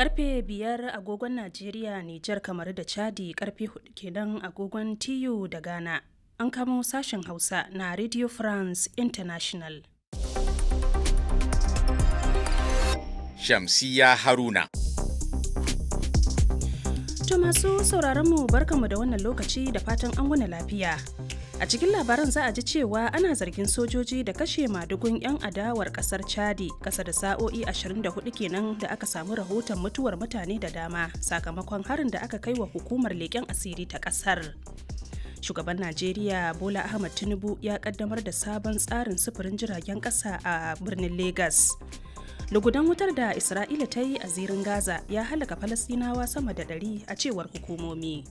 karfe biyar agogon najeriya nijar kamar da chadi karfe hudu kenan agogon tiyu da ghana an kamo sashen hausa na radio france international shamsiya haruna to masu sauraron mu barkamu da wannan lokaci da fatan an wuna lafiya a cikin labaran za a ji cewa ana zargin sojoji da kashe madugun 'yan adawar kasar chadi kasa da sa'o'i 24 kenan da aka samu rahoton mutuwar mutane da dama sakamakon harin da aka kai wa hukumar leƙen asiri ta ƙasar. shugaban najeriya bola ahmad tinubu ya ƙaddamar da sabon tsarin sufurin jiragen ƙasa a birnin Legas. lugudan wutar da isra'ila ta yi a zirin gaza ya halaka falastinawa sama da ɗari a cewar hukumomi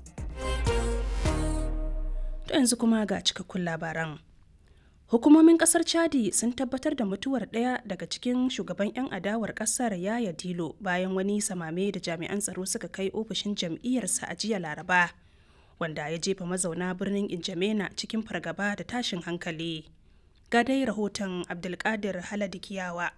To yanzu kuma ga cikakkun labaran. Hukumomin kasar Chadi sun tabbatar da mutuwar ɗaya daga cikin shugaban 'yan adawar ƙasar Yaya Dilo bayan wani samame da jami'an tsaro suka kai ofishin jam'iyyarsa a jiya Laraba, wanda ya jefa mazauna birnin Injamena cikin fargaba da tashin hankali. gadai rahoton Abdulkadir Haladikiyawa.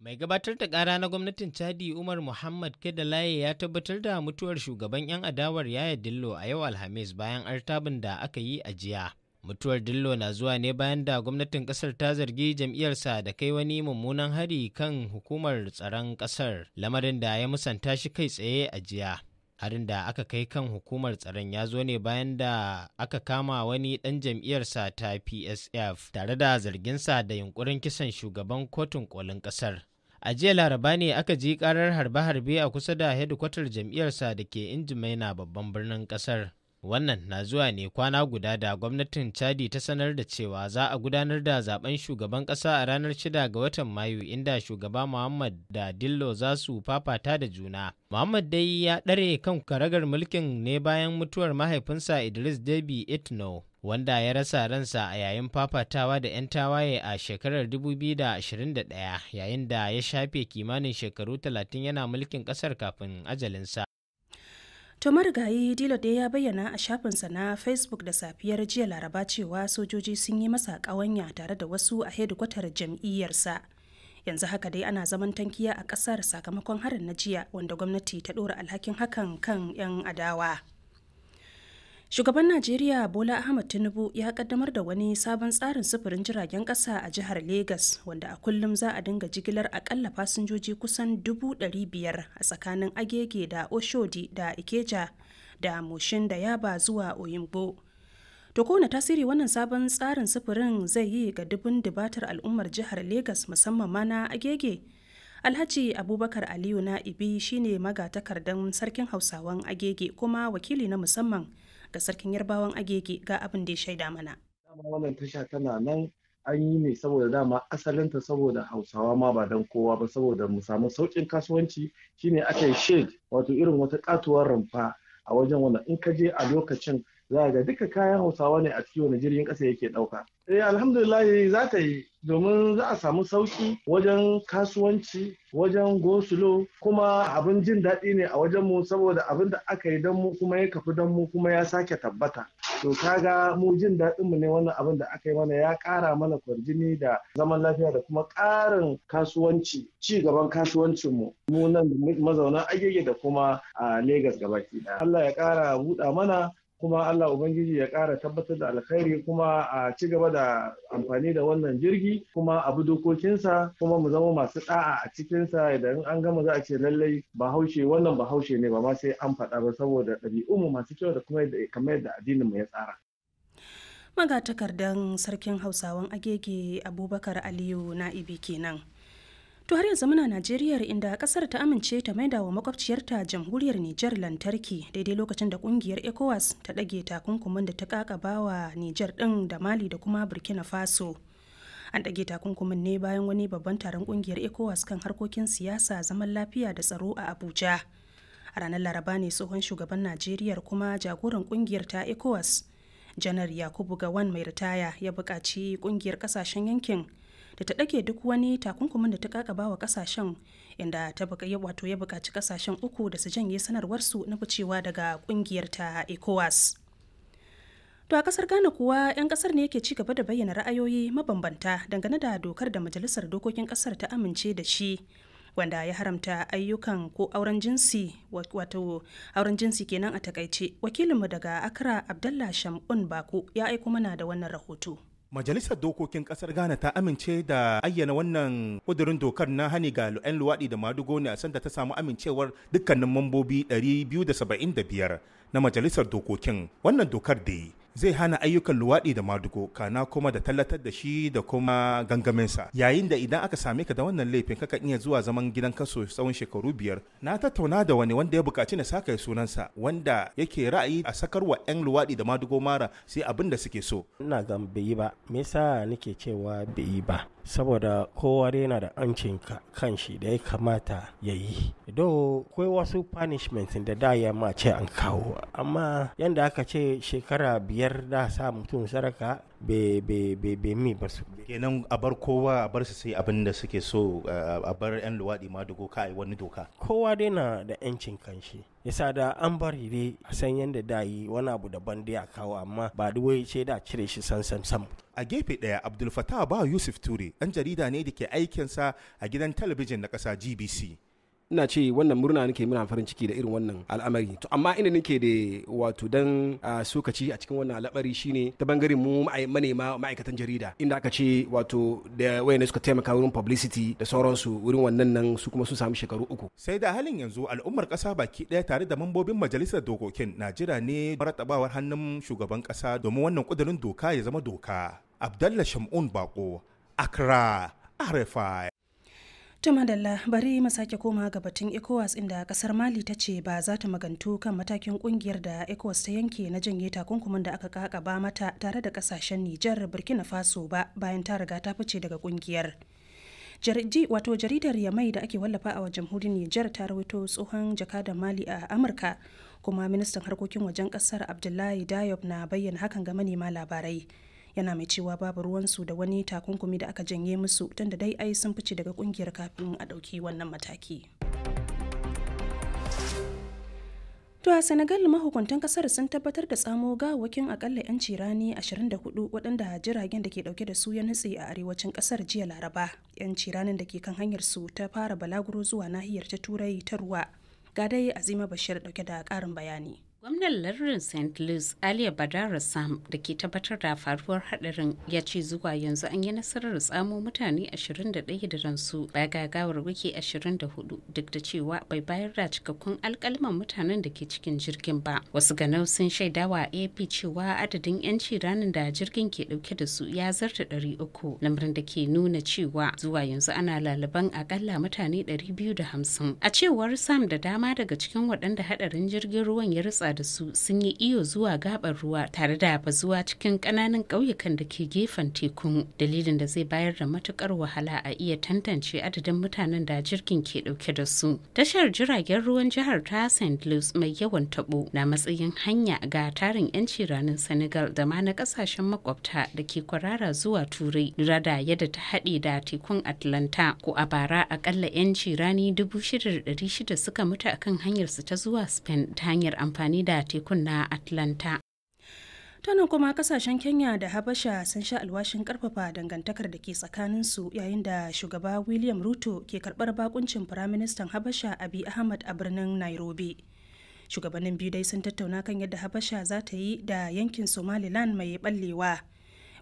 Mai gabatar da ƙara na gwamnatin Chadi Umar Muhammad Kedalaye ya tabbatar da mutuwar shugaban 'yan adawar Yaya Dillo a yau Alhamis bayan artabin da aka yi a jiya. Mutuwar Dillo na zuwa ne bayan da gwamnatin ƙasar ta zargi jam'iyyarsa da kai wani mummunan hari kan hukumar tsaron ƙasar, lamarin da ya musanta shi kai tsaye a jiya. harin da aka kai kan hukumar tsaron ya zo ne bayan da aka kama wani ɗan jam'iyyarsa ta psf tare da zarginsa da yunkurin kisan shugaban kotun kolin ƙasar a jiya laraba ne aka ji karar harbe-harbe a kusa da hedikwatar jam'iyyarsa da ke injimaina babban birnin ƙasar Wannan na zuwa ne kwana guda da gwamnatin Chadi ta sanar da cewa za a gudanar da zaben shugaban kasa a ranar 6 ga watan Mayu inda shugaba Muhammad da Dillo za su fafata da juna. Muhammad dai ya ɗare kan karagar mulkin ne bayan mutuwar mahaifinsa Idris debi Itno. wanda ya rasa ransa a yayin fafatawa da 'yan tawaye a shekarar 2021 yayin da ya shafe kimanin shekaru 30 yana mulkin kasar kafin ajalinsa. To marigayi Dilo dai ya bayyana a shafinsa na Facebook da safiyar jiya Laraba cewa sojoji sun yi masa ƙawanya tare da wasu a hedikwatar jam'iyyarsa. Yanzu haka dai ana zaman tankiya a ƙasar sakamakon harin na jiya wanda gwamnati ta ɗora alhakin hakan kan 'yan adawa. Shugaban Najeriya Bola Ahmed Tinubu ya kaddamar da wani sabon tsarin sufurin jiragen kasa a jihar Legas wanda a kullum za a dinga jigilar akalla fasinjoji kusan 500,000 a tsakanin Agege da Oshodi da Ikeja da Moshin da Yaba zuwa Oyimbo. To kowane tasiri wannan sabon tsarin sufurin zai yi ga dubun dubatar al'ummar jihar Legas musamman ma na Agege. Alhaji Abubakar Aliyu na Na'ibi shine magatakardan sarkin Hausawan Agege kuma wakili na musamman ga sarkin yarbawan agege ga abin da ya shaida mana dama wannan tasha tana nan an yi ne saboda dama asalinta saboda hausawa ma ba dan kowa ba saboda mu samu sauƙin kasuwanci shine ake yi shade wato irin wata katuwar rumfa a wajen wannan in ka je a lokacin za ga duka kayan hausawa ne a cikin wani jirgin ƙasa yake ɗauka. Eh alhamdulillah za ta yi domin za a samu sauki wajen kasuwanci wajen gosulo kuma abin jin daɗi ne a wajen mu saboda abin da aka yi don mu kuma ya kafi don mu kuma ya sake tabbata. To ga mu jin daɗin mu ne wannan abin da aka yi mana ya ƙara mana kwarjini da zaman lafiya da kuma ƙarin kasuwanci ci gaban kasuwancin mu mu nan mazauna agege da kuma a Legas gabaki ɗaya. Allah ya ƙara buɗa mana kuma Allah Ubangiji ya kara tabbatar da alkhairi kuma a ci gaba da amfani da wannan jirgi kuma a bi dokokinsa kuma mu zama masu da'a a cikinsa idan an gama za a ce lallai bahaushe wannan bahaushe ne ba ma sai an fada ba saboda ɗabi'unmu masu kyau da kuma kamar yadda addinin mu ya tsara. magatakardan sarkin hausawan agege abubakar aliyu na'ibi kenan. To har yanzu muna Najeriya inda kasar ta amince ta maida wa makwabciyarta jamhuriyar Nijar lantarki daidai lokacin da kungiyar ECOWAS ta dage takunkumin da ta kakaba wa Nijar ɗin da Mali da kuma Burkina Faso. An ɗage takunkumin ne bayan wani babban taron kungiyar ECOWAS kan harkokin siyasa zaman lafiya da tsaro a Abuja. A ranar Laraba ne tsohon shugaban Najeriya kuma jagoran kungiyar ta ECOWAS janar yakubu gawan mai ritaya ya buƙaci kungiyar ƙasashen yankin da ta ɗage duk wani takunkumin da ta kakaba wa kasashen inda ta wato ya buƙaci kasashen uku da su janye sanarwarsu na ficewa daga ƙungiyar ta ecowas to a kasar ghana kuwa 'yan ƙasar ne yake gaba da bayyana ra'ayoyi mabambanta dangane da dokar da majalisar dokokin ƙasar ta amince da shi wanda ya haramta ayyukan ko auren jinsi wato auren jinsi kenan a takaice wakilinmu daga accra abdallah shamun bako ya aiko mana da wannan rahoto Majalisar Dokokin Kasar Ghana ta amince da ayyana wannan kudurin dokar na hani ga 'yan luwaɗi da madugo ne a sanda ta samu amincewar dukkanin mambobi 275 na Majalisar Dokokin. Wannan dokar da zai hana ayyukan luwaɗi da madugo kana kuma da tallatar da shi da kuma gangaminsa yayin da idan aka same ka da wannan laifin kakan iya zuwa zaman gidan kaso tsawon shekaru biyar na tattauna da wani wanda ya buƙaci na saka sunansa wanda yake ra'ayi a sakar wa 'yan luwaɗi da madugo mara sai abin da suke so ina ga bai ba me yasa nake cewa bai ba saboda kowa yana da ancin shi da ya kamata ya yi do kai wasu punishment da da ya mace an kawo amma yanda aka ce shekara biyar yar da sa mutum saraka bai mi ba su kenan a bar kowa a bar su sai abin da suke so a bar yan luwaɗi ma dogo ka wani doka kowa dai na da yancin kanshi yasa da an bari dai a san yadda da yi wani abu daban dai a kawo amma ba duwai ce da cire shi san sam a gefe ɗaya abdulfatah ba yusuf ture ɗan jarida ne da ke aikinsa a gidan talabijin na ƙasa gbc ina ce wannan murna nake muna farin ciki da irin wannan al'amari to amma ina nake da wato dan sokaci a cikin wannan al'amari shine ta bangaren mu manema ma'aikatan jarida inda aka ce wato da ne suka taimaka wurin publicity da sauransu wurin wannan nan su kuma sun samu shekaru uku sai da halin yanzu al'ummar kasa baki daya tare da mambobin majalisar dokokin na jira ne martabawar hannun shugaban kasa domin wannan kudurin doka ya zama doka abdallah shamun bako accra rfi madalla bari mu sake koma ga batun ecowas inda kasar mali ta ce ba za ta magantu kan matakin kungiyar da ecowas ta yanke na janye takunkumin da aka kakaba mata tare da kasashen nijar burkina faso ba bayan ta riga ta fice daga kungiyar wato jaridar yamai da ake wallafa a jamhuriyar nijar ta rawaito tsohon jakada mali a amurka kuma ministan harkokin wajen kasar abdullahi dayob na bayyana hakan ga manema labarai yana mai cewa babu ruwansu da wani takunkumi da aka janye musu tun da dai ai sun fice daga kungiyar kafin a ɗauki wannan mataki. To a Senegal mahukuntan kasar sun tabbatar da tsamo gawakin akalla 'yan cirani 24 waɗanda jiragen da ke ɗauke da su ya nutse a arewacin kasar jiya Laraba. 'Yan ciranin da ke kan hanyar su ta fara balaguro zuwa nahiyar ta Turai ta ruwa. Ga dai Azima Bashir ɗauke da ƙarin bayani. Gwamnan lardin St. Louis Aliya Badara Sam da ke tabbatar da faruwar hadarin ya ce zuwa yanzu an yi nasarar tsamo mutane 21 da ransu baya gagawar wiki 24 duk da cewa bai bayar da cikakkun alkalman mutanen da ke cikin jirgin ba. Wasu ganau sun shaidawa AP cewa adadin 'yanci ranar da jirgin ke dauke da su ya zarta 300 lamarin da ke nuna cewa zuwa yanzu ana lalaban akalla mutane 250. A cewar Sam da dama daga cikin waɗanda hadarin jirgin ruwan ya rutsa da su sun yi iyo zuwa gabar ruwa tare da bazuwa cikin ƙananan ƙauyukan da ke gefen tekun dalilin da zai bayar da matukar wahala a iya tantance adadin mutanen da jirgin ke ɗauke da su. Tashar jiragen ruwan jihar ta St. Louis mai yawan tabo na matsayin hanya ga tarin 'yanci ranar Senegal da ma na ƙasashen makwabta da ke kwarara zuwa Turai lura da yadda ta haɗe da tekun Atlanta ko a bara akalla 'yanci rani 6,600 suka mutu akan hanyarsu ta zuwa Spain ta hanyar amfani amfani da tekun na atlanta tana kuma kasashen kenya da habasha sun sha alwashin karfafa dangantakar da ke tsakanin su yayin da shugaba william ruto ke karbar bakuncin firaministan habasha abi ahmad a birnin nairobi shugabannin biyu dai sun tattauna kan yadda habasha za ta yi da yankin somaliland mai ballewa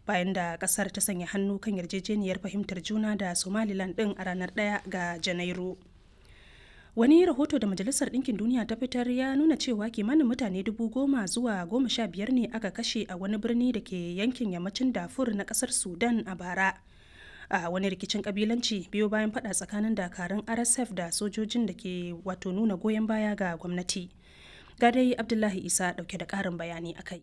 bayan da kasar ta sanya hannu kan yarjejeniyar fahimtar juna da somaliland din a ranar 1 ga janairu wani rahoto da majalisar ɗinkin duniya ta fitar ya nuna cewa kimanin mutane dubu goma zuwa goma sha biyar ne aka kashe a wani birni da ke yankin yammacin dafur na ƙasar sudan a bara a wani rikicin kabilanci biyo bayan faɗa tsakanin dakarun rsf da sojojin da ke wato nuna goyon baya ga gwamnati gadai abdullahi isa dauke da ƙarin bayani akai